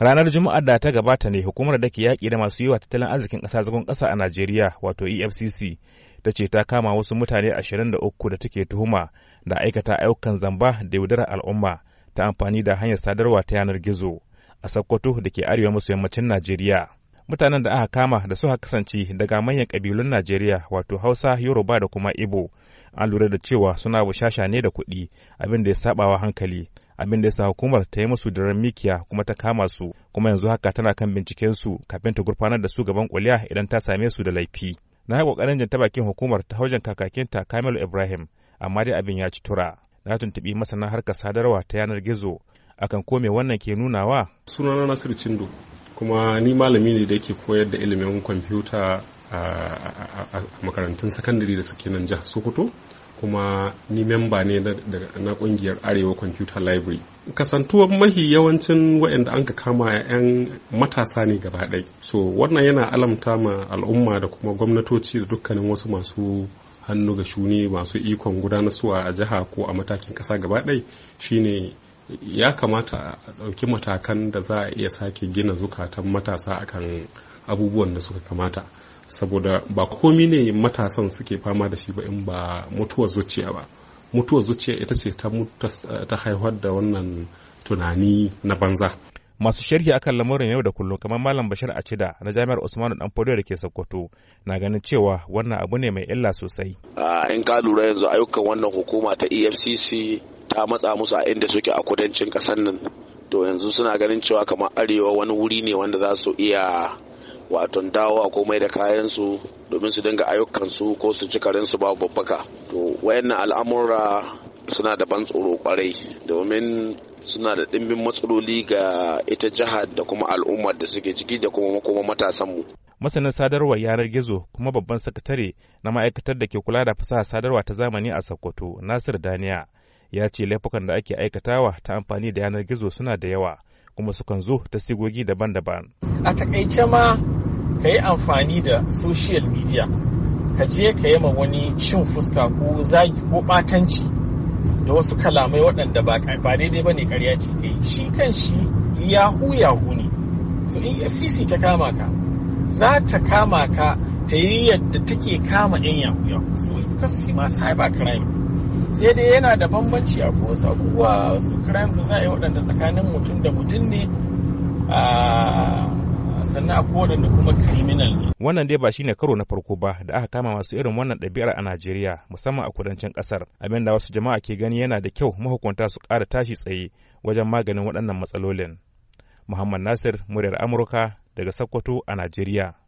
ranar juma'ar da ta gabata ne hukumar da ke yaƙi da masu yiwa tattalin arzikin ƙasa zagon ƙasa a najeriya wato efcc ta ce ta kama wasu mutane ashirin da uku da take tuhuma da aikata ayyukan zamba da yaudarar al'umma ta amfani da hanyar sadarwa ta yanar gizo a sokoto da ke arewa maso yammacin najeriya mutanen da aka kama da suka kasance daga manyan ƙabilun najeriya wato hausa yoruba da kuma ibo an lura da cewa suna bushasha ne da kuɗi abin da ya saɓawa hankali abin da ya sa hukumar ta yi musu diran mikiya kuma ta kama su kuma yanzu haka tana kan binciken su kafin ta gurfanar da su gaban kuliya idan ta same su da laifi na yi kokarin janta bakin hukumar ta kakakin ta Kamilu Ibrahim amma dai abin ya ci tura na tuntubi masana harkar sadarwa ta yanar gizo akan kome wannan ke nunawa sunana Nasiru Cindo kuma ni malami ne da yake koyar da ilimin kwamfuta a makarantun sakandare da suke nan jihar sokoto kuma ni memba ne na kungiyar arewa computer library kasantuwar mahi yawancin waɗanda an ka kama 'yan matasa ne gaba ɗai so wannan yana alamta ma al'umma da kuma gwamnatoci da dukkanin wasu masu hannu ga shuni masu ikon gudanarwa a jiha ko a matakin ƙasa gaba ɗai shine ya kamata a ɗauki matakan da za a iya sake gina zukatan matasa akan abubuwan da suka kamata saboda ba komi ne matasan suke fama da shi ba in ba mutuwar zuciya ba mutuwar zuciya ita ce ta haihuwar da wannan tunani na banza masu sharhi akan lamarin yau da kullum kamar malam bashir a cida na jami'ar usmanu dan fodo da ke sokoto na ganin cewa wannan abu ne mai illa sosai in ka lura yanzu ayyukan wannan hukuma ta efcc ta matsa musu a inda suke a kudancin kasan nan to yanzu suna ganin cewa kamar arewa wani wuri ne wanda za su iya wato dawo a komai da kayan su domin su dinga su ko su ci karin su babu babbaka to wayannan al'amura suna da ban tsoro kwarai domin suna da dimbin matsaloli ga ita jihar da kuma al'ummar da suke ciki da kuma makoma matasanmu. Masanin sadarwar yanar gizo kuma babban sakatare na ma'aikatar da ke kula da fasaha sadarwa ta zamani a Sokoto, Nasir Daniya, ya ce laifukan da ake aikatawa ta amfani da yanar gizo suna da yawa kuma sukan zo ta sigogi daban-daban. A takaice ma ka yi amfani da social media ka je ka yi ma wani cin fuska ko zagi ko batanci da wasu kalamai waɗanda ba daidai ba ne karya ce ka yi shi kan shi yahu yahu ne so in fcc ta kama ka za ta kama ka ta yi yadda take kama yan yahu yahu so kasi ma cyber crime sai dai yana da bambanci a wasu abubuwa su crimes za a yi waɗanda tsakanin mutum da mutum ne ah, na akwai waɗanda kuma criminal ne. Wannan dai ba shi ne karo na farko ba da aka kama masu irin wannan ɗabi'ar a Najeriya musamman a kudancin ƙasar. Abin da wasu jama'a ke gani yana da kyau mahukunta su ƙara tashi tsaye wajen maganin waɗannan matsalolin. Muhammad Nasir, muryar Amurka daga Sokoto a Najeriya.